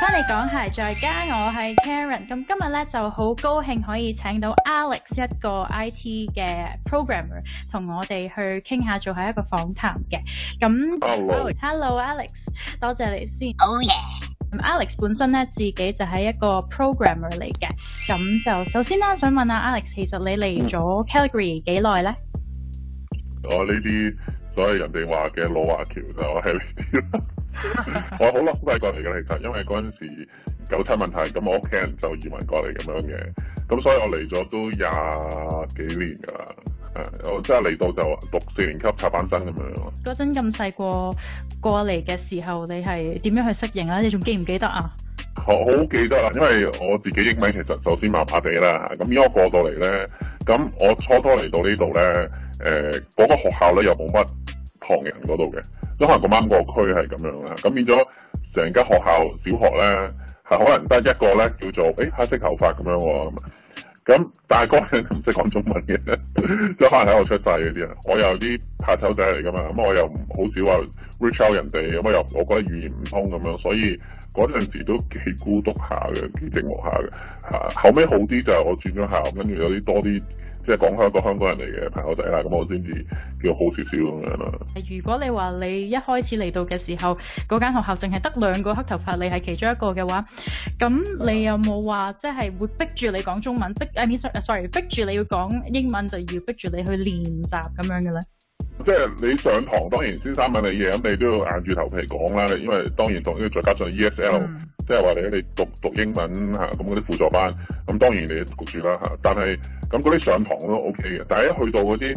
翻嚟講係再加我是 aren，我係 Karen。咁今日咧就好高興可以請到 Alex 一個 IT 嘅 programmer 同我哋去傾下做下一個訪談嘅。咁 h e l l o e a l e x 多謝你先。咁、oh、yeah. Alex 本身咧自己就係一個 programmer 嚟嘅。咁就首先啦，想問下 Alex，其實你嚟咗 Calgary 幾耐咧？哦、是我呢啲，所以人哋話嘅老華僑就係呢啲。 我好啦，好細個過嚟嘅。其實，因為嗰陣時九七問題，咁我屋企人就移民過嚟咁樣嘅，咁所以我嚟咗都廿幾年㗎啦，誒，我即係嚟到就讀四年級插班生咁樣。嗰陣咁細個過嚟嘅時候，你係點樣去適應啊？你仲記唔記得啊？我好記得啦，因為我自己英文其實首先麻麻地啦，咁而我過到嚟咧，咁我初初嚟到這裏呢度咧，誒、呃，嗰、那個學校咧又冇乜。唐人嗰度嘅，都可能咁啱個區係咁樣啦。咁變咗成間學校小學咧，係可能得一個咧叫做，誒、哎、黑色頭髮咁樣喎。咁，但係嗰個人唔識講中文嘅，都可能喺度出世嗰啲人。我有啲拍手仔嚟㗎嘛，咁我又唔好少話 reach out 人哋，咁啊又我覺得語言唔通咁樣，所以嗰陣時都幾孤獨下嘅，幾寂寞下嘅、啊。後尾好啲就係我轉咗校，跟住有啲多啲。即係講開一個香港人嚟嘅朋友仔啦，咁我先至叫好少少咁樣啦。如果你話你一開始嚟到嘅時候，嗰間學校淨係得兩個黑頭髮，你係其中一個嘅話，咁你有冇話即係會逼住你講中文？逼啊 I mean, sorry 逼住你要講英文，就要逼住你去練習咁樣嘅咧？即係你上堂當然先生問你嘢，咁你都要硬住頭皮講啦。因為當然同，再加上 ESL，、嗯、即係話你你讀讀英文嚇，咁嗰啲輔助班，咁、嗯、當然你焗住啦。但係咁嗰啲上堂都 OK 嘅。但係、OK、一去到嗰啲，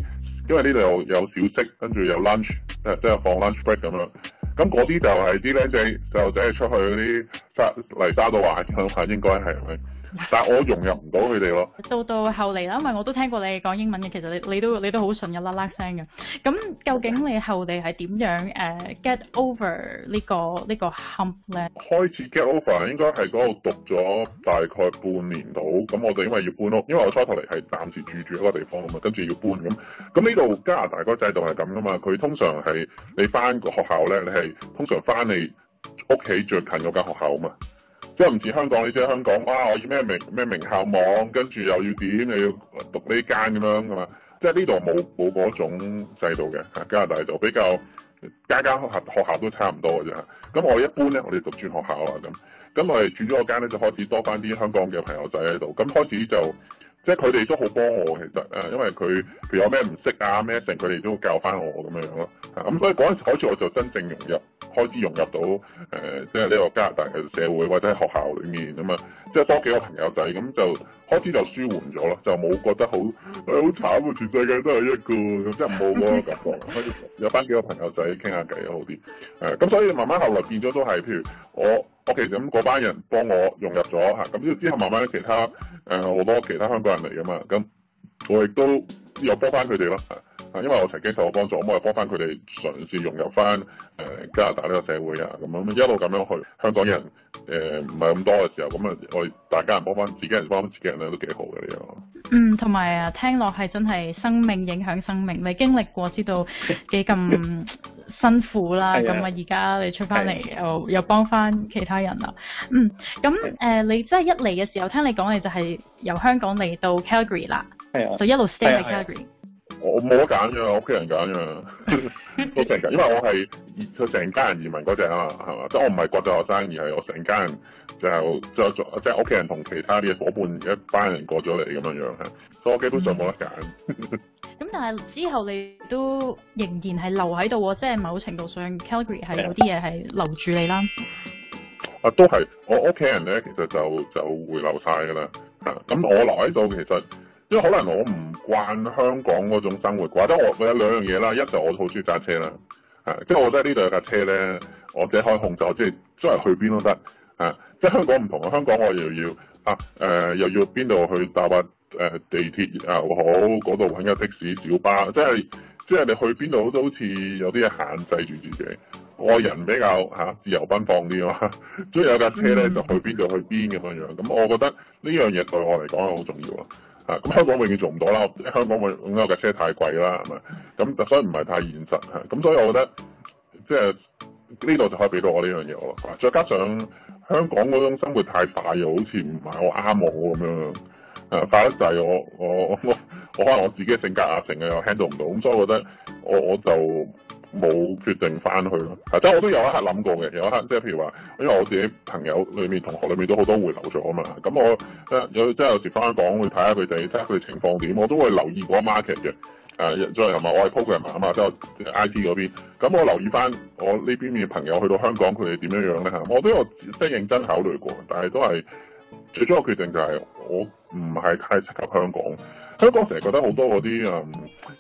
因為呢度有小息，跟住有 lunch，即係放 lunch break 咁樣。咁嗰啲就係啲僆仔細路仔出去嗰啲沙泥沙度玩下應該係咪？ 但係我融入唔到佢哋咯。到到後嚟啦，因為我都聽過你講英文嘅，其實你你都你都好順嘅啦啦聲嘅。咁究竟你後嚟係點樣、uh, get over 呢個、呢個 hump 咧？開始 get over 應該係嗰度讀咗大概半年度。咁我哋因為要搬屋，因為我初頭嚟係暫時住住一個地方咁嘛，跟住要搬咁。咁呢度加拿大嗰個制度係咁啊嘛，佢通常係你翻個學校咧，你係通常翻你屋企最近嗰間學校啊嘛。即係唔似香港，你知香港，啊我要咩名咩名校網，跟住又要點，你要讀呢間咁樣噶嘛？即係呢度冇冇嗰種制度嘅，加拿大就比較間間學、學校都差唔多嘅啫。咁我一般咧，我哋讀轉學校啦咁。咁我哋轉咗個間咧，就開始多翻啲香港嘅朋友仔喺度。咁開始就。即係佢哋都好幫我，其實誒，因為佢譬如有咩唔識啊咩剩，佢哋都會教翻我咁樣樣咯。咁所以嗰陣時開始我就真正融入，開始融入到誒、呃，即係呢個加拿大嘅社會或者學校裡面啊嘛，即係多幾個朋友仔咁就開始就舒緩咗咯，就冇覺得好好慘，全世界都係一個，即係冇嗰個感覺， 有翻幾個朋友仔傾下偈好啲。誒、呃，咁所以慢慢後來變咗都係譬如我。我其實咁嗰班人幫我融入咗嚇，咁之後慢慢其他誒好多其他香港人嚟噶嘛，咁我亦都有幫翻佢哋咯，啊，因為我曾經受過幫助，咁我幫翻佢哋嘗試融入翻誒加拿大呢個社會啊，咁樣一路咁樣去香港人誒唔係咁多嘅時候，咁啊我大家人幫翻自己人幫翻自己人咧都幾好嘅呢樣。這個，嗯，同埋啊，聽落係真係生命影響生命，未經歷過知道幾咁。 辛苦啦，咁啊而家你出翻嚟又、啊、又幫翻其他人啦，嗯，咁誒、啊呃、你即係一嚟嘅時候，聽你講你就係由香港嚟到 Calgary 啦，係啊，就一路 stay 喺 Calgary。我冇得揀㗎，屋企人揀㗎，我成日因為我係成家人移民嗰隻啊，係嘛，即係我唔係國際學生，而係我成家人就、就即係屋企人同其他啲伙伴一班人過咗嚟咁樣樣。多基本上冇得揀、嗯，咁 但係之後你都仍然係留喺度喎，即、就、係、是、某程度上 Calgary 係有啲嘢係留住你啦。啊的，都係我屋企人咧，其實就就回流曬噶啦。咁、嗯啊、我留喺度其實，因為可能我唔慣香港嗰種生活或者、就是、我我有兩樣嘢啦，一就我好中意揸車啦，嚇，即係我覺得呢度有架車咧，我即係開紅酒，即係即係去邊都得，嚇、啊，即、就、係、是、香港唔同啊，香港我又要啊誒、呃，又要邊度去搭。誒，地鐵又好，嗰度搵架的士、小巴，即係即係你去邊度都好似有啲嘢限制住自己。我人比較吓、啊、自由奔放啲啊，所以有架車咧就去邊就去邊咁樣樣。咁我覺得呢樣嘢對我嚟講係好重要啊。啊，咁香港永遠做唔到啦，香港永因為，有架車太貴啦，係咪？咁所以唔係太現實啊。咁所以我覺得即係呢度就可以俾到我呢樣嘢我啦。再加上香港嗰種生活太快，又好似唔係我啱我咁樣樣。誒快得滯，我我我我可能我自己嘅性格啊，成日又 handle 唔到，咁所以我覺得我我就冇決定翻去咯。即係我都有一刻諗過嘅，有一刻即係譬如話，因為我自己朋友裏面、同學裏面都好多回流咗啊嘛，咁我有即係有時翻香港去睇下佢哋，睇下佢哋情況點，我都會留意嗰個 market 嘅。即再又唔係我係 programmer 嘅人啊嘛，即係 I T 嗰邊。咁我留意翻我呢邊嘅朋友去到香港，佢哋點樣樣咧嚇？我都有即係認真考慮過，但係都係最終個決定就係。我唔係太適合香港，香港成日覺得好多嗰啲啊，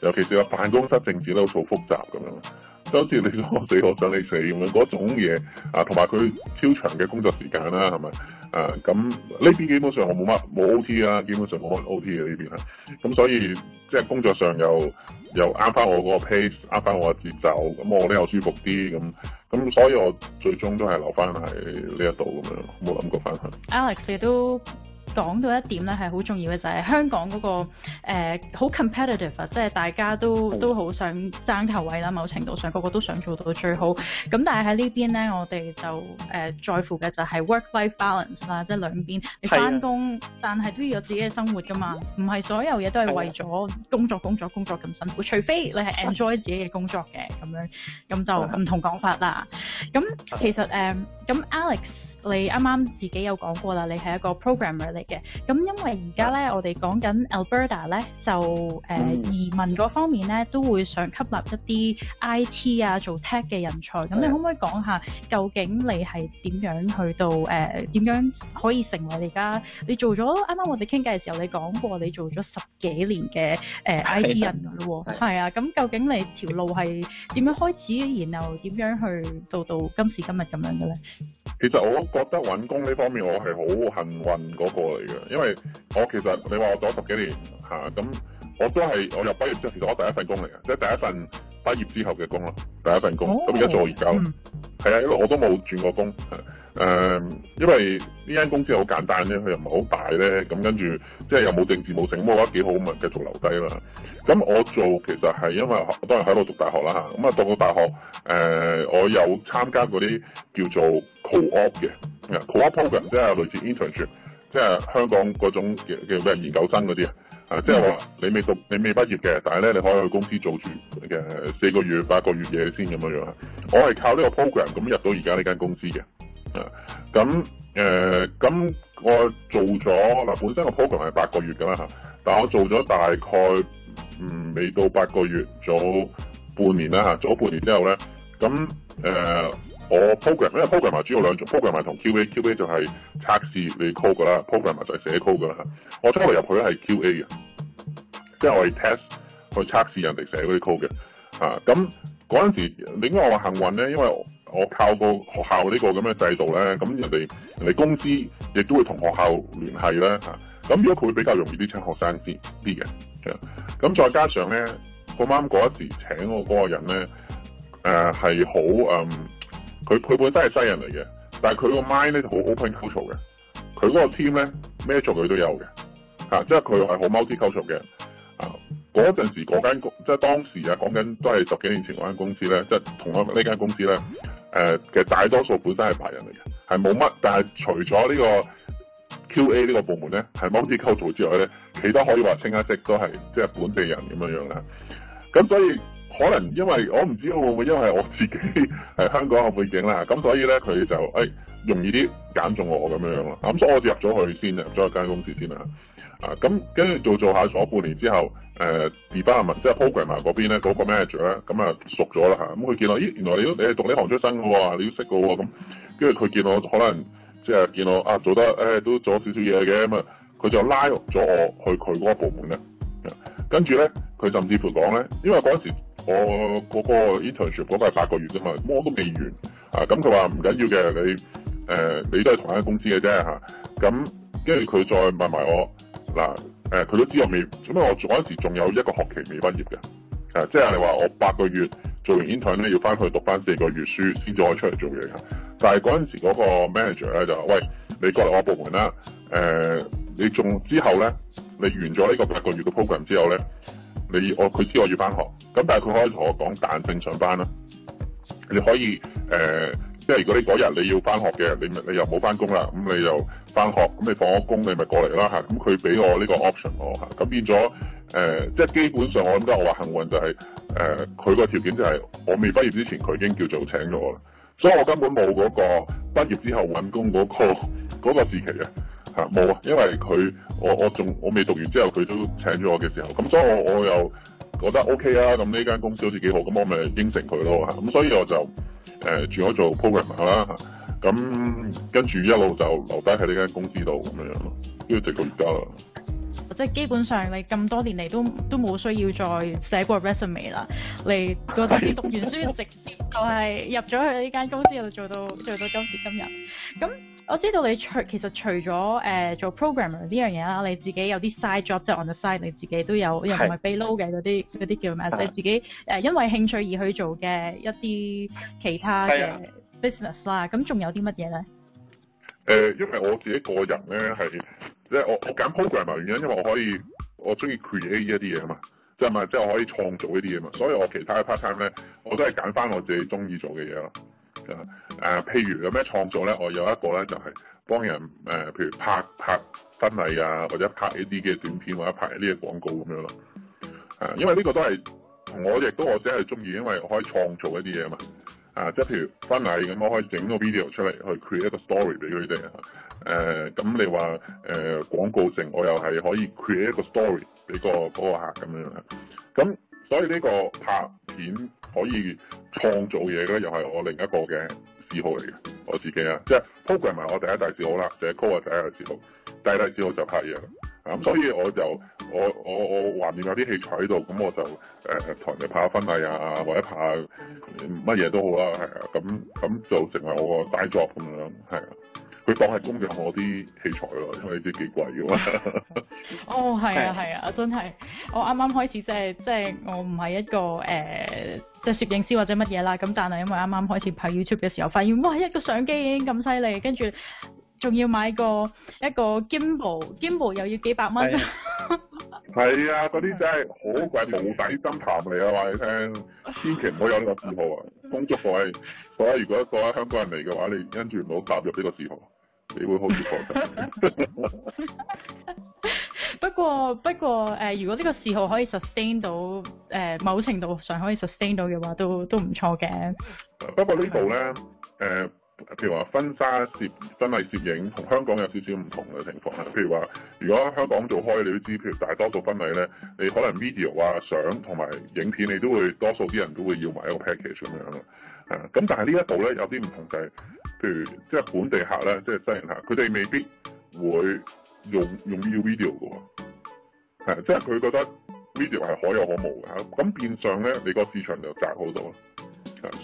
尤其是啊辦公室政治都好複雜咁樣，就好似你講我死我想你死咁樣嗰種嘢啊，同埋佢超長嘅工作時間啦，係咪啊？咁呢邊基本上我冇乜冇 O T 啊，基本上冇乜 O T 嘅呢邊啊，咁所以即係、就是、工作上又又啱翻我嗰個 pace，啱翻我嘅節奏，咁我咧又舒服啲咁，咁所以我最終都係留翻喺呢一度咁樣，冇諗過翻去。Alex 你都。講到一點咧，係好重要嘅就係、是、香港嗰、個誒好 competitive 啊，即係、呃、大家都都好想爭頭位啦。某程度上，個個都想做到最好。咁但係喺呢邊呢，我哋就誒在乎嘅就係 work-life balance 啦，即係兩邊你翻工，是的但係都要有自己嘅生活㗎嘛。唔係所有嘢都係為咗工，的工作、工作、工作咁辛苦，除非你係 enjoy 自己嘅工作嘅咁樣，咁就唔同講法啦。咁其實咁、呃、Alex。你啱啱自己有講過啦，你係一個 programmer 嚟嘅，咁因為而家咧，嗯、我哋講緊 Alberta 咧，就誒、呃嗯、移民嗰方面咧，都會想吸納一啲 IT 啊，做 tech 嘅人才。咁你可唔可以講下，究竟你係點樣去到誒點、呃、樣可以成為你而家？你做咗啱啱我哋傾偈嘅時候，你講過你做咗十幾年嘅誒 IT 人啦喎，係啊，咁究竟你條路係點樣開始，然後點樣去到到今時今日咁樣嘅咧？其實我。覺得揾工呢方面我係好幸運嗰個嚟嘅，因為我其實你話我做咗十幾年嚇咁。我都係，我入畢業之後，其實我第一份工嚟嘅，即係第一份畢業之後嘅工咯，第一份工，咁而家做咗幾久，係啊、mm hmm. 嗯，因為我都冇轉過工，誒，因為呢間公司好簡單咧，佢又唔係好大咧，咁跟住即係又冇政治冇成，咁我覺得幾好，咪繼續留低啦。咁我做其實係因為當然喺度讀大學啦吓，咁啊讀到大學，誒、呃，我有參加嗰啲叫做 co-op 嘅，co-op program 即係類似 internship，即係香港嗰種嘅嘅咩研究生嗰啲啊。啊，即係話你未讀，你未畢業嘅，但係咧，你可以去公司做住嘅四個月、八個月嘢先咁樣樣嚇。我係靠呢個 program 咁入到而家呢間公司嘅。啊，咁、啊、誒，咁、啊啊啊、我做咗嗱，本身個 program 係八個月噶啦嚇，但係我做咗大概嗯未到八個月，早半年啦嚇、啊，早半年之後咧，咁、啊、誒。我 programmer, 因為，programmer 主要兩種，programmer 同 QA，QA 就係測試你嘅 code 噶啦，programmer 就係寫 code 噶啦吓。我初嚟入去咧係 QA 嘅，即係我係 test 去測試人哋寫嗰啲 code 嘅。吓、啊，咁嗰陣時你應該話幸運咧，因為我，我靠過學校呢個咁嘅制度咧，咁人哋人哋公司亦都會同學校聯繫啦吓。咁如果佢會比較容易啲請學生啲啲嘅，咁、啊、再加上咧咁啱嗰一時請我嗰個人咧，誒係好嗯。佢佢本身係西人嚟嘅，但係佢個 mind 咧就好 open culture 嘅，佢嗰個 team 咧咩族佢都有嘅，即係佢係好 multi c 構造嘅。嗰、就、陣、是啊、時嗰間即係、就是、當時啊講緊都係十幾年前嗰間公司咧，即、就、係、是、同我呢間公司咧，誒、啊、其實大多數本身係排人嚟嘅，係冇乜，但係除咗呢個 QA 呢個部門咧係 multi c 構 e 之外咧，其他可以話清一色都係即係本地人咁樣樣啦。咁所以。可能因為我唔知會唔會因為我自己係香港嘅背景啦，咁所以咧佢就誒、哎、容易啲揀中我咁樣樣咯。咁、嗯、所以我就入咗去先，入咗一間公司先啦。啊，咁跟住做做下咗半年之後，誒 department 即係 program 嗰邊咧嗰個 manager 咧、嗯，咁啊熟咗啦嚇。咁、嗯、佢見到，咦，原來你你係讀呢行出身嘅喎，你都識嘅喎咁。跟住佢見我可能即係見我啊做得誒、哎、都做少少嘢嘅咁啊，佢、嗯、就拉入咗我去佢嗰個部門咧、啊。跟住咧佢甚至乎講咧，因為嗰陣時。我嗰個 internship 嗰個係八個月啫嘛，咁我都未完啊！咁佢話唔緊要嘅，你誒、呃、你都係同一間公司嘅啫嚇。咁跟住佢再問埋我嗱佢、啊啊、都知我未，咁我嗰陣時仲有一個學期未畢業嘅誒，即係你話我八個月做完 intern 咧，要翻去讀翻四個月書先再出嚟做嘢嘅、啊。但係嗰陣時嗰個 manager 咧就話：喂，你過嚟我部門啦，誒、啊，你仲之後咧，你完咗呢個八個月嘅 program 之後咧。你我佢知我要翻學，咁但係佢可以同我講彈性上班啦。你可以誒、呃，即係如果你嗰日你要翻學嘅，你咪你又冇翻工啦，咁你又翻學，咁你放咗工你咪過嚟啦嚇。咁佢俾我呢個 option 我嚇，咁變咗誒、呃，即係基本上我諗得我話幸運就係、是、誒，佢、呃、個條件就係我未畢業之前佢已經叫做請咗我啦，所以我根本冇嗰個畢業之後揾工嗰個嗰個時期嘅。冇啊！因為佢我我仲我未讀完之後，佢都請咗我嘅時候，咁所以我我又覺得 OK 啊！咁呢間公司好似幾好，咁我咪應承佢咯嚇。咁所以我就誒轉咗做 program 啦。咁跟住一路就留低喺呢間公司度咁樣咯，跟住直到而家啦。即係基本上你咁多年嚟都都冇需要再寫過 resume 啦。你覺得你讀完書 直接就係入咗去呢間公司度做到做到今時今日咁？我知道你除其實除咗誒、呃、做 programmer 呢樣嘢啦，你自己有啲 side job 即係 on the side，你自己都有又唔係卑 low 嘅嗰啲嗰啲叫咩，即係的自己誒因為興趣而去做嘅一啲其他嘅 business 啦的。咁仲有啲乜嘢咧？誒、呃，因為我自己個人咧係即係我我揀 programmer 原因，因為我可以我中意 create 一啲嘢嘛，即係咪即係我可以創造呢啲嘢嘛。所以我其他嘅 part time 咧，我都係揀翻我自己中意做嘅嘢咯。啊譬如有咩創作咧？我有一個咧，就係、是、幫人誒、呃，譬如拍拍婚禮啊，或者拍一啲嘅短片，或者拍一啲嘅廣告咁樣咯。啊，因為呢個都係我亦都我自己係中意，因為我可以創造一啲嘢啊嘛。啊，即係譬如婚禮咁、嗯，我可以整個 video 出嚟去 create 一個 story 俾佢哋。誒、啊，咁你話誒、呃、廣告性，我又係可以 create 一、那個 story 俾個嗰個客咁樣咁、啊所以呢個拍片可以創造嘢咧，又係我另一個嘅嗜好嚟嘅。我自己啊，即係 program 係我第一大嗜好啦，mm hmm. 就係歌嘅第一大嗜好。第二大嗜好就拍嘢啦。咁、mm hmm. 所以我就我我我橫掂有啲器材喺度，咁我就誒、呃、同人哋拍下婚禮啊，或者拍下乜嘢都好啦，係啊。咁咁就成為我個大作咁樣，係啊。佢講係供緊我啲器材咯，因為啲幾貴嘅嘛。哦，係啊，係啊，真係我啱啱開始即係即係我唔係一個誒即係攝影師或者乜嘢啦。咁但係因為啱啱開始拍 YouTube 嘅時候，發現哇一個相機已經咁犀利，跟住仲要買個一個 Gimbal，Gimbal 又要幾百蚊。係啊，嗰啲、 啊、真係好貴，冇底深潭嚟啊！話你聽，千祈唔好有呢個嗜好啊！ 工作方面，我覺得如果作為香港人嚟嘅話，你跟住唔好踏入呢個嗜好。你會好易覺得，不過不過誒，如果呢個嗜好可以 sustain 到誒、呃，某程度上可以 sustain 到嘅話，都都唔錯嘅。不過、啊、呢度咧，誒、呃，譬如話婚紗攝婚禮攝影同香港有少少唔同嘅情況，譬如話如果香港做開你都知，譬如大多數婚禮咧，你可能 video 啊、相同埋影片，你都會多數啲人都會要埋一個 package 咁樣嘅。誒、啊，咁但係呢一度咧有啲唔同就係。譬如即係本地客咧，即係西人客，佢哋未必會用用要 video 嘅喎、啊，即係佢覺得 video 係可有可無嘅嚇。咁、啊、變相咧，你個市場就窄好多咯。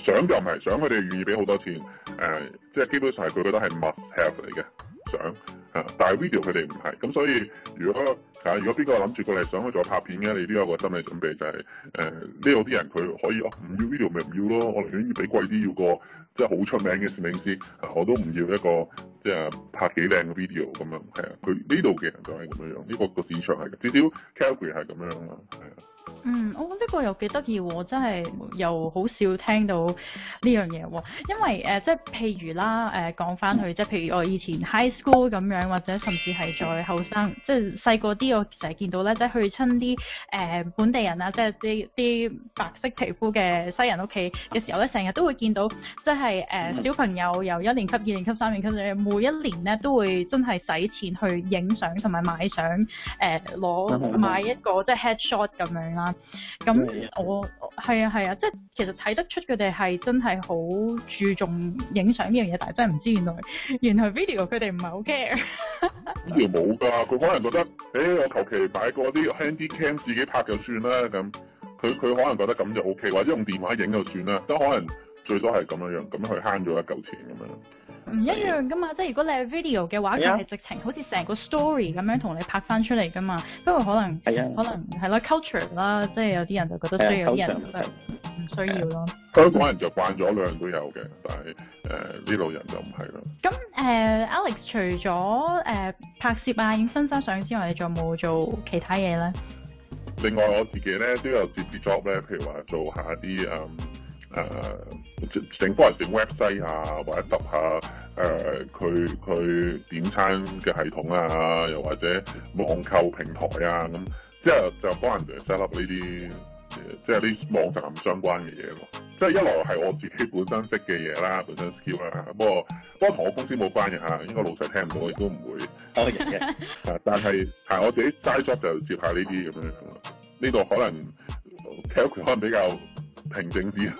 相、啊、就唔係相，佢哋願意俾好多錢。誒、啊，即係基本上係佢覺得係 must have 嚟嘅相，嚇、啊，但係 video 佢哋唔係。咁所以如果嚇、啊，如果邊個諗住過嚟想去做拍片嘅，你都有個心理準備就係、是、誒，呢度啲人佢可以哦，唔、啊、要 video 咪唔要咯，我寧願俾貴啲要個。即係好出名嘅攝影師，我都唔要一個。即係拍幾靚嘅 video 咁樣，係啊，佢呢度嘅人就係咁樣樣，呢、呢個、呢個市場係至少 Calgary 係咁樣啊，係啊。嗯，我覺得呢個又幾得意喎，真係又好少聽到呢樣嘢喎。因為誒，即、呃、係譬如啦，誒講翻去，即係譬如我以前 high school 咁樣，或者甚至係再後生、嗯，即係細個啲，我成日見到咧，即係去親啲誒本地人啊，即係啲啲白色皮膚嘅西人屋企嘅時候咧，成日都會見到，即係誒、呃、小朋友由一年級、二年級、三年級每一年咧都會真係使錢去影相同埋買相，誒、呃、攞買一個 即係 headshot 咁樣啦。咁我係啊係啊，啊，即係其實睇得出佢哋係真係好注重影相呢樣嘢，但係真係唔知原來原來 video 佢哋唔係好 care。呢條冇㗎，佢可能覺得，誒、欸、我求其擺個啲 handy cam 自己拍就算啦。咁佢佢可能覺得咁就 O、OK, K，或者用電話影就算啦。都可能。最多係咁樣這樣，了這樣，咁樣去慳咗一嚿錢咁樣。唔一樣噶嘛，Yeah. 即係如果你係 video 嘅話，佢係直情好似成個 story 咁樣同你拍翻出嚟噶嘛。不 Yeah. 過可能 Yeah. 可能係咯 culture 啦，即係有啲人就覺得需要，Yeah. 有啲人唔需要咯。香港 Yeah. 人就慣咗，兩樣都有嘅，但係誒呢類人就唔係咯。咁誒、uh, Alex，除咗誒、呃、拍攝啊、影婚紗相之外，你仲有冇做其他嘢咧？Yeah. 另外我自己咧都有接啲 job 咧，譬如話做下啲誒誒。嗯呃整幫人整 website 啊，或者揼下誒佢佢點餐嘅系統啊，又或者網購平台啊，咁之後就幫人哋 set up 呢啲，即係啲網站相關嘅嘢咯。即係一來係我自己本身識嘅嘢啦，本身 skill 啦。不過不過同我公司冇關嘅嚇，應該老細聽唔到，亦都唔會。嘅 Okay.。但係係我自己齋 job 就接下呢啲咁樣。呢度可能 k e p 可能比較平靜啲。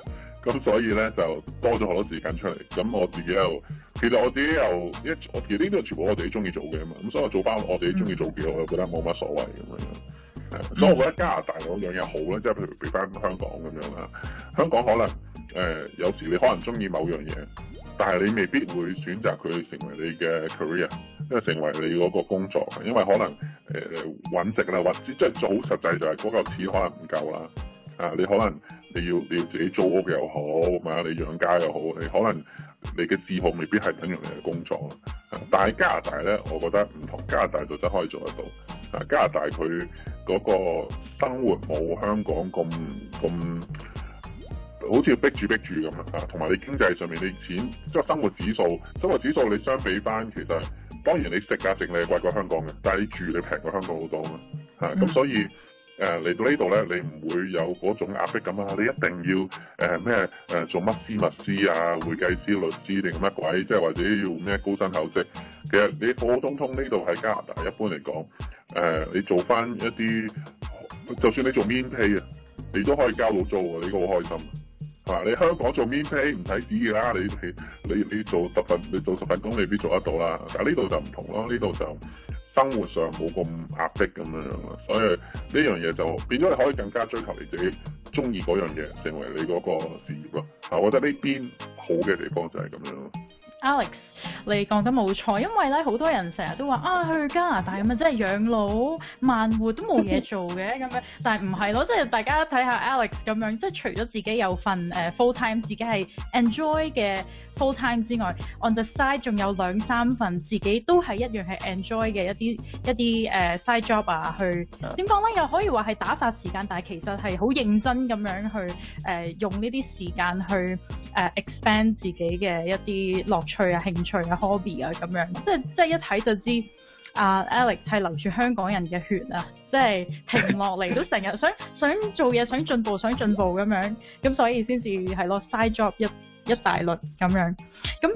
咁所以咧就多咗好多時間出嚟，咁我自己又其實我自己又一，我其實呢啲全部我自己中意做嘅啊嘛，咁所以我做翻我自己中意做嘅，我又覺得冇乜所謂咁樣，啊。所以我覺得加拿大嗰樣嘢好咧，即係譬如俾翻香港咁樣啦。香港可能誒、呃、有時你可能中意某樣嘢，但係你未必會選擇佢成為你嘅 career，因為成為你嗰個工作，因為可能誒揾食啦，或、呃、者即係做好實際就係嗰嚿錢可能唔夠啦。啊，你可能。你要你要自己租屋又好，你養家又好，你可能你嘅志向未必係等於你嘅工作咯。但係加拿大呢，我覺得唔同，加拿大就真係可以做得到。啊，加拿大佢嗰個生活冇香港咁咁，咁好似要逼住逼住咁啊。同埋你經濟上面，你錢即係、就是、生活指數，生活指數你相比返，其實當然你食價值你係貴過香港嘅，但係你住你平過香港好多嘛。咁、啊、所以。誒嚟、呃、到這裡呢度咧，你唔會有嗰種壓迫感啊！你一定要誒咩誒做乜私密師啊、會計師、律師定乜鬼，即係或者要咩高薪厚職。其實你普普通通呢度喺加拿大，一般嚟講，誒、呃、你做翻一啲，就算你做麵皮啊，你都可以交到租喎，你好開心。係、呃、你香港做麵皮唔使旨意㗎啦。你你你做十份你做十份工你未必做得到啦。但係呢度就唔同咯，呢度就。生活上冇咁壓迫咁樣樣咯，所以呢樣嘢就變咗你可以更加追求你自己中意嗰樣嘢，成為你嗰個事業咯。啊，我覺得呢邊好嘅地方就係咁樣咯。Alex，你講得冇錯，因為咧好多人成日都話啊，去加拿大咁啊，真係養老慢活都冇嘢做嘅咁 樣，但係唔係咯？即係大家睇下 Alex 咁樣，即係除咗自己有份誒、uh, full time，自己係 enjoy 嘅。full time 之外，on the side 仲有兩三份自己都係一樣係 enjoy 嘅一啲一啲誒、uh, side job 啊，去點講咧？又可以話係打發時間，但係其實係好認真咁樣去誒、uh, 用呢啲時間去誒、uh, expand 自己嘅一啲樂趣啊、興趣啊、hobby 啊咁樣即係即係一睇就知啊、uh, Alex 係留住香港人嘅血啊！即係停落嚟都成日想 想,想做嘢、想進步、想進步咁樣，咁所以先至係咯 side job 一。一大輪咁樣，咁誒，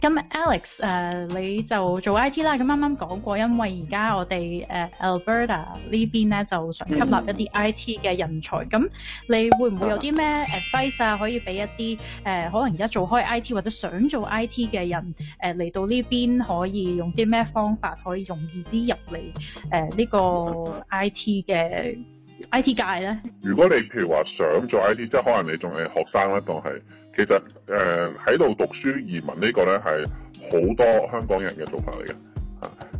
咁 Yeah.、呃、Alex 誒、呃，你就做 IT 啦。咁啱啱講過，因為而家我哋誒、呃、Alberta 這邊呢邊咧，就想吸納一啲 IT 嘅人才。咁、mm. 嗯、你會唔會有啲咩 advice 啊，可以俾一啲誒、呃，可能而家做開 IT 或者想做 IT 嘅人，誒、呃、嚟到呢邊可以用啲咩方法可以容易啲入嚟誒呢個 IT 嘅？I.T. 界咧，如果你譬如話想做 I.T.，即係可能你仲係學生啦，當係其實誒喺度讀書移民呢個咧係好多香港人嘅做法嚟嘅。誒、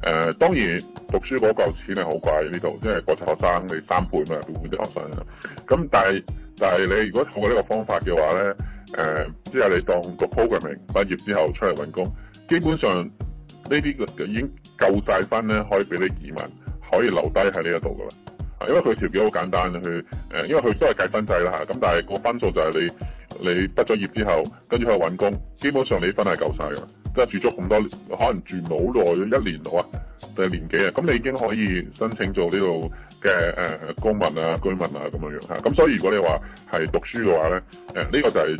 啊、當然讀書嗰嚿錢係好貴呢度，即係國際學生你三倍咩，半邊啲學生咁。但係但係你如果透過呢個方法嘅話咧，誒即係你當個 programming 畢業之後出嚟揾工，基本上呢啲已經夠曬分咧，可以俾你移民，可以留低喺呢一度噶啦。因為佢條件好簡單，因為佢都係計分制，咁但係個分數就是你你畢咗業之後，跟住喺度揾工，基本上你分係夠晒嘅。即係住足咁多年，可能住唔到好耐，一年到啊定年幾啊？咁你已經可以申請做呢度嘅誒公民啊、居民啊咁樣樣嚇。咁、啊、所以如果你話係讀書嘅話咧，呢、啊呢個就係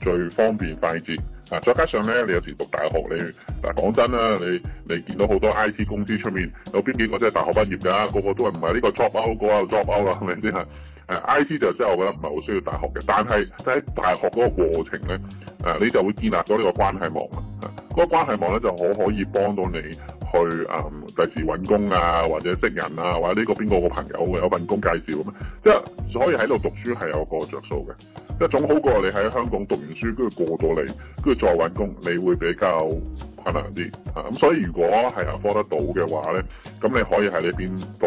最最方便快捷啊！再加上咧，你有時讀大學，你嗱講、啊、真啦，你你見到好多 I T 公司出面，有邊幾個真係大學畢業㗎？個個都係唔係呢個 job out、嗰個啊 job out 啊，係咪先？誒 I.T. 就真係，我覺得唔係好需要大學嘅。但係喺大學嗰個過程咧，誒你就會建立咗呢個關係網啦。嗰個關係網咧就好可以幫到你去誒第時揾工啊，或者識人啊，或者呢個邊個個朋友有份工介紹咁啊。即係所以喺度讀書係有個着數嘅，即係總好過你喺香港讀完書，跟住過到嚟，跟住再揾工，你會比較困難啲。咁所以如果係學科得到嘅話咧，咁你可以喺呢邊讀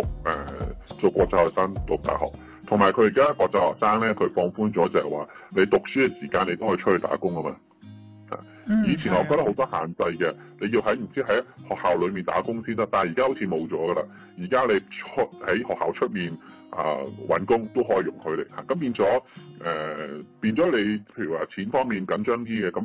誒做國際學生讀大學。同埋佢而家國際學生咧，佢放寬咗，就係話你讀書嘅時間，你都可以出去打工啊嘛。啊、嗯，以前我覺得好多限制嘅，的你要喺唔知喺學校裏面打工先得，但係而家好似冇咗噶啦。而家你出喺學校出面啊揾、呃、工都可以容許你。咁變咗誒、呃，變咗你譬如話錢方面緊張啲嘅，咁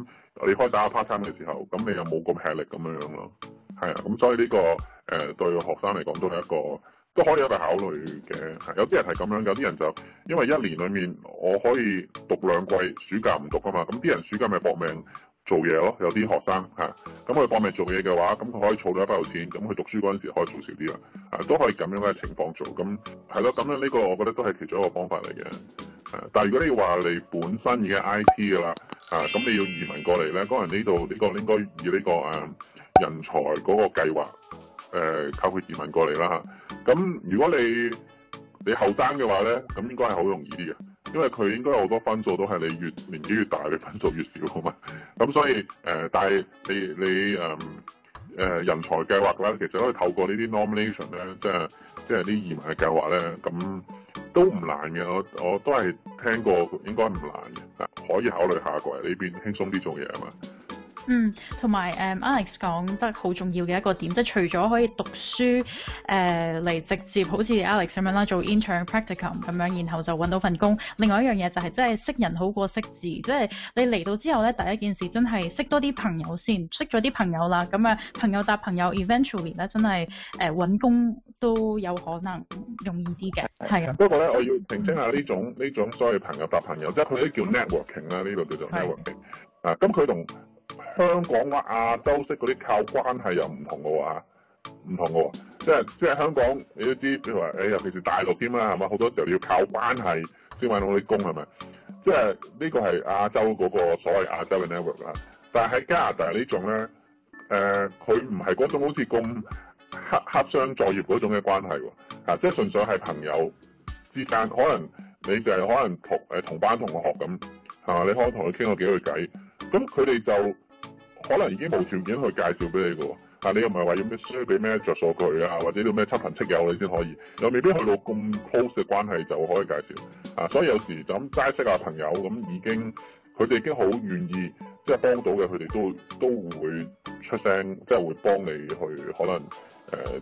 你可以打 part time 嘅時候，咁你又冇咁吃力咁樣樣咯。係啊，咁所以呢、呢個誒、呃、對學生嚟講都係一個。都可以一嚟考慮嘅，有啲人係咁樣的，有啲人就因為一年裡面我可以讀兩季，暑假唔讀啊嘛，咁啲人暑假咪搏命做嘢咯，有啲學生嚇，咁佢搏命做嘢嘅話，咁佢可以儲到一筆油錢，咁佢讀書嗰陣時候可以儲少啲啦，啊都可以咁樣嘅情況做，咁係咯，咁樣呢個我覺得都係其中一個方法嚟嘅，啊，但係如果你話你本身已經 IT 噶啦，啊，咁你要移民過嚟咧，可能呢度呢個應該以呢、呢個誒、啊、人才嗰個計劃。誒靠佢移民過嚟啦嚇，咁如果你你後生嘅話咧，咁應該係好容易啲嘅，因為佢應該好多分數都係你越年紀越大的越、呃你，你分數越少啊嘛。咁所以誒，但係你你誒誒人才計劃咧，其實都可以透過呢啲 nomination 咧，即係即係啲移民嘅計劃咧，咁都唔難嘅。我我都係聽過，應該唔難嘅，可以考慮下過嚟呢邊輕鬆啲做嘢啊嘛。嗯，同埋誒 Alex 講得好重要嘅一個點，即、就是、除咗可以讀書誒嚟、呃、直接好似 Alex 咁樣啦，做 intern、practical 咁、um、樣，然後就揾到份工。另外一樣嘢就係真係識人好過識字，即、就、係、是、你嚟到之後咧，第一件事真係識多啲朋友先，識咗啲朋友啦，咁啊朋友搭朋友，eventually 咧真係誒揾工都有可能容易啲嘅。係啊，不過咧我要澄清下呢種呢、嗯、種所謂朋友搭朋友，即係佢啲叫 networking 啦，呢個叫做 networking 的啊，咁佢同。香港或亞洲式嗰啲靠關係又唔同嘅喎，唔同嘅喎，即係即係香港你都知，譬如話誒，尤其是大陸添啦，係嘛，好多時候要靠關係先搵到啲工，係咪？即係呢個係亞洲嗰個所謂亞洲嘅 network 啦。但係喺加拿大呢種咧，誒、呃，佢唔係嗰種好似咁黑黑箱作業嗰種嘅關係喎，啊，即係純粹係朋友之間，可能你就係可能同誒同班同學咁，吓、啊，你可能同佢傾過幾句偈。咁佢哋就可能已經無條件去介紹俾你嘅喎，啊，你又唔係話要咩要俾咩著數佢啊，或者要咩親朋戚友你先可以，又未必去到咁 close 嘅關係就可以介紹，啊，所以有時就咁齋識下朋友咁，已經佢哋已經好願意，即係幫到嘅佢哋都都會出聲，即係會幫你去可能誒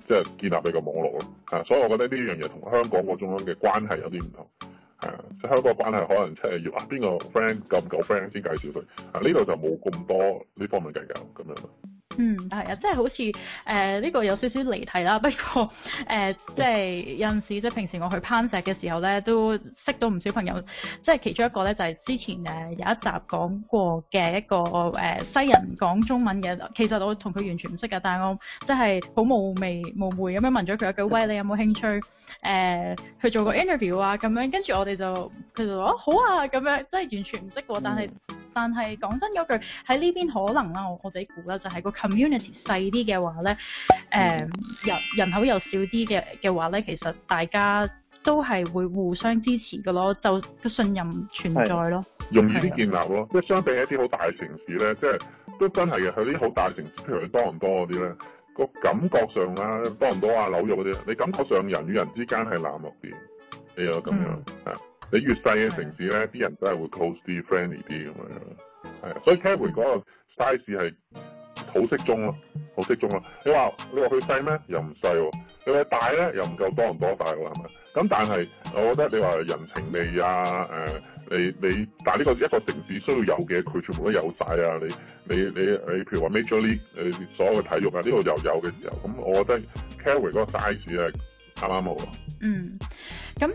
即係建立你嘅網絡咯，啊，所以我覺得呢樣嘢同香港嗰種嘅關係有啲唔同。喺、啊、香港關係可能即係要啊，邊個 friend 夠唔夠 friend 先介紹佢，啊呢度就冇咁多呢方面嘅嘢咁樣。嗯，係啊，即係好似誒呢個有少少離題啦。不過誒、呃，即係有陣時即係平時我去攀石嘅時候咧，都識到唔少朋友。即係其中一個咧，就係、是、之前誒有一集講過嘅一個誒、呃、西人講中文嘅。其實我同佢完全唔識噶，但係我即係好冒昧、冒昧咁樣問咗佢一句，喂，你有冇興趣誒去、呃、做個 interview 啊？咁樣跟住我哋就佢就話、啊、好啊，咁樣即係完全唔識噶，但係、嗯。但係講真嗰句，喺呢邊可能啦，我我哋估啦，就係個 community 細啲嘅話咧，誒人人口又少啲嘅嘅話咧，其實大家都係會互相支持嘅咯，就個信任存在咯，的容易啲建立咯。即係的相比起一啲好大城市咧，即係都真係嘅，佢啲好大城市譬如很多倫多嗰啲咧，個感覺上啦，多倫多啊紐約嗰啲，你感覺上人與人之間係冷漠啲，係啊咁樣啊。嗯你越細嘅城市咧，啲的人都係會 close 啲、friendly 啲咁樣，係啊，所以 Calgary 嗰個 size 係好適中咯，好適中咯。你話你話佢細咩？又唔細喎。你話大咧，又唔夠多唔多大喎，係咪？咁但係我覺得你話人情味啊，誒、呃，你你，但係呢個一個城市需要有嘅，佢全部都有晒啊！你你你你，你你譬如話 Major League，誒，所有嘅體育啊，呢、這個又有嘅時候，咁我覺得 Calgary 嗰個 size 係啱啱好咯。嗯。咁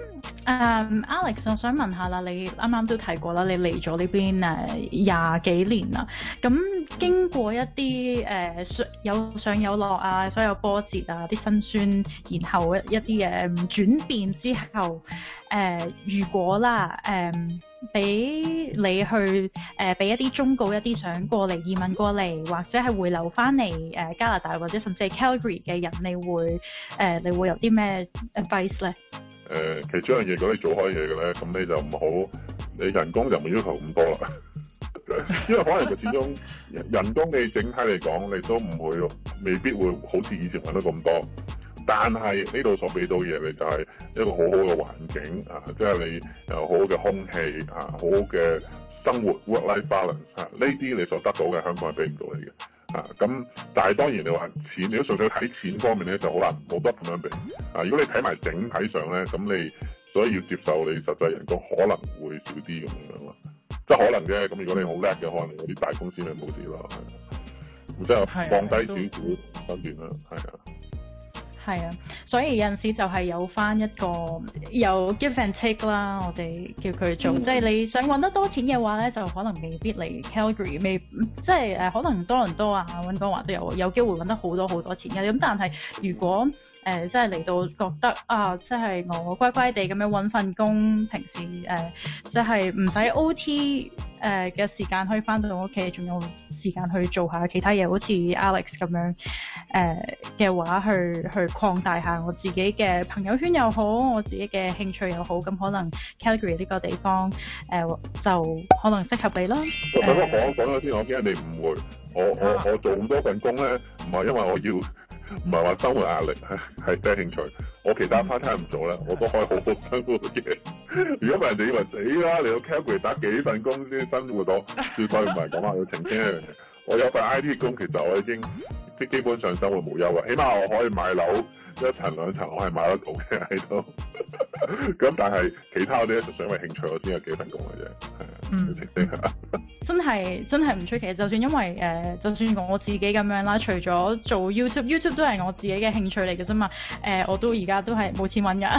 誒、um，Alex，我想問下啦，你啱啱都提過啦，你嚟咗呢邊誒廿、呃、幾年啦，咁經過一啲誒、呃、有上有落啊，所有波折啊，啲辛酸，然後一啲嘢、呃、轉變之後，誒、呃，如果啦，誒、呃，俾你去誒俾、呃、一啲忠告，一啲想過嚟移民過嚟，或者係回流翻嚟誒加拿大，或者甚至係 Calgary 嘅人，你會誒、呃、你會有啲咩 advice 咧？誒，其中一樣嘢，如果你做開嘢嘅咧，咁你就唔好，你人工就唔要求咁多啦。 因為可能就始終人工你整體嚟講，你都唔會，未必會好似以前搵得咁多。但係呢度所俾到嘢，你就係一個好好嘅環境啊，即係你有好好嘅空氣啊，好好嘅生活 work life balance 啊，呢啲你所得到嘅香港係俾唔到你嘅。啊，咁但係當然你話錢，你都純粹睇錢方面咧，就好難冇得咁樣比。啊，如果你睇埋整體上咧，咁、啊、你所以要接受你實際人工可能會少啲咁樣咯，即係可能嘅。咁如果你好叻嘅，可能你啲大公司咪冇事咯。咁即係放低少少，判斷啦，係啊。係啊，所以有陣時就係有翻一個有 give and take 啦，我哋叫佢做即係、嗯、你想搵得多錢嘅話咧，就可能未必嚟 Calgary，未即係、嗯即係、可能多倫多啊、溫哥華都有有機會搵得好多好多錢嘅咁，但係如果。誒、呃，即係嚟到覺得啊，即係我乖乖地咁樣揾份工，平時誒、呃，即係唔使 O.T. 誒、呃、嘅時間可以翻到到屋企，仲有時間去做下其他嘢，好似 Alex 咁樣誒嘅、呃、話去，去去擴大下我自己嘅朋友圈又好，我自己嘅興趣又好，咁可能 Calgary 呢個地方誒、呃、就可能適合你啦、呃。我首先講講咗先，我驚人哋誤會，我我我做咁多份工咧，唔係因為我要。唔係話生活壓力，係即係興趣。我其他 part time 唔做啦，我都可以好好生活嘅。如果唔係人哋以為死啦、哎，你到 Canada 打幾份工先生活到。絕對唔係，講下，要澄清。我有一份 IT 工，其實我已經即基本上生活無憂啊。起碼我可以買樓一層兩層，我係買得到嘅喺度。咁 但係其他啲就想為興趣，我先有幾份工嘅啫。要澄清下。 真係真係唔出奇，就算因為誒、呃、就算我自己咁樣啦，除咗做 YouTube，YouTube 都係我自己嘅興趣嚟嘅啫嘛。誒、呃、我都而家都係冇錢揾㗎，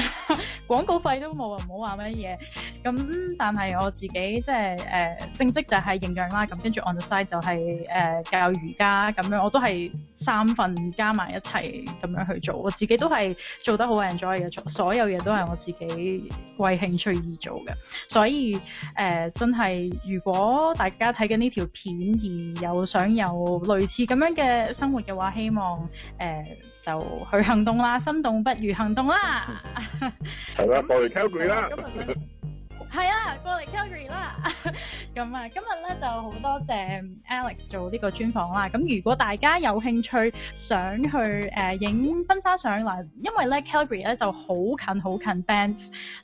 廣 告費都冇，唔好話乜嘢。咁但係我自己即係誒正職就係形象啦，咁跟住 on the side 就係、是、誒、呃、教瑜伽咁樣，我都係三份加埋一齊咁樣去做。我自己都係做得好 enjoy 嘅，所有嘢都係我自己為興趣而做嘅。所以誒、呃、真係如果大家而家睇緊呢條片而又想有類似咁樣嘅生活嘅話，希望誒、呃、就去行動啦，心動不如行動啦，係 啦的，過你溝佢啦。係 啊，過嚟 Calgary 啦，咁 啊、嗯，今日咧就好多謝 Alex 做呢個專訪啦。咁如果大家有興趣想去誒影婚紗相啦，因為咧 Calgary 咧就好近好近 Banff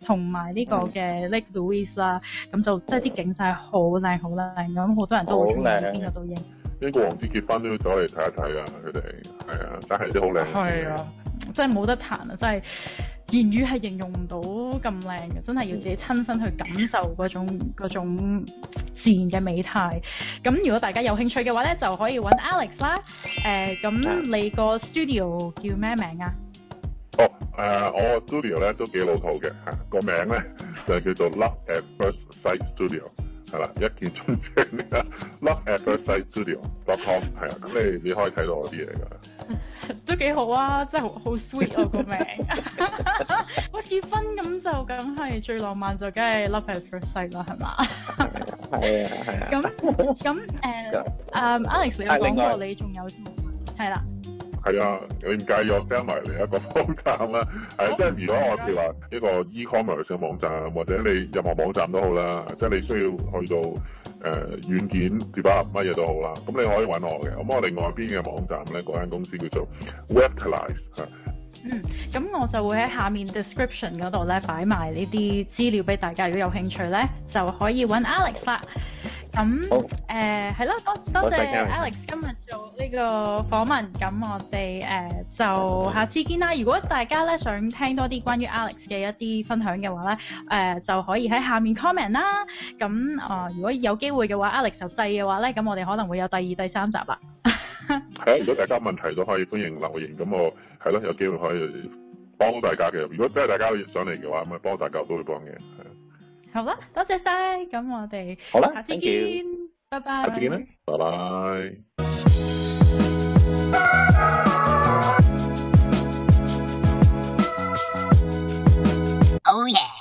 同埋呢個嘅 Lake Louise 啦，咁、嗯、就即係啲景勢好靚好靚，咁好多人都好鍾意喺邊度度影。英國美、嗯、王子結婚都要走嚟睇一睇啊！佢哋係啊，真係啲好靚。係啊，真係冇得彈啊！真係。真言語係形容唔到咁靚嘅，真係要自己親身去感受嗰種，嗰種自然嘅美態。咁如果大家有興趣嘅話咧，就可以揾 Alex 啦。誒、呃，咁你個 studio 叫咩名啊？哦、oh, uh,，誒我 studio 咧都幾老土嘅嚇，個名咧就叫做 Love At First Sight Studio。係啦，一見鐘情，love at first sight studio dot com，係啊，咁你你可以睇到我啲嘢噶，都幾好啊，真係好 sweet 啊個名，我結婚咁就梗係最浪漫就梗係 love at first sight 啦，係嘛，係啊係啊，咁咁誒，Alex 你講過你仲有係啦。係啊，你唔介意我 sell 埋你一個方間啦？係，即係如果我譬如話一個 e-commerce 嘅網站，或者你任何網站都好啦，即係你需要去到誒、呃、軟件、dev 乜嘢都好啦，咁你可以揾我嘅。咁我另外邊嘅網站咧，嗰間公司叫做 Webtale。嗯，咁我就會喺下面 description 嗰度咧擺埋呢啲資料俾大家，如果有興趣咧就可以揾 Alex。咁誒，係咯那、oh. 呃，多多謝 Alex 今日做呢個訪問，咁我哋誒、呃、就下次見啦。如果大家咧想聽多啲關於 Alex 嘅一啲分享嘅話咧，誒、呃、就可以喺下面 comment 啦。咁啊、呃，如果有機會嘅話 Alex 就細嘅話咧，咁我哋可能會有第二、第三集啦。係啊，如果大家問題都可以歡迎留言，咁我係咯有機會可以幫大家嘅。如果真係大家上嚟嘅話，咁咪幫大家都會幫嘅。好啦，多謝晒！咁我哋好啦，下次見，謝謝拜拜，下次見啦，拜拜。Bye bye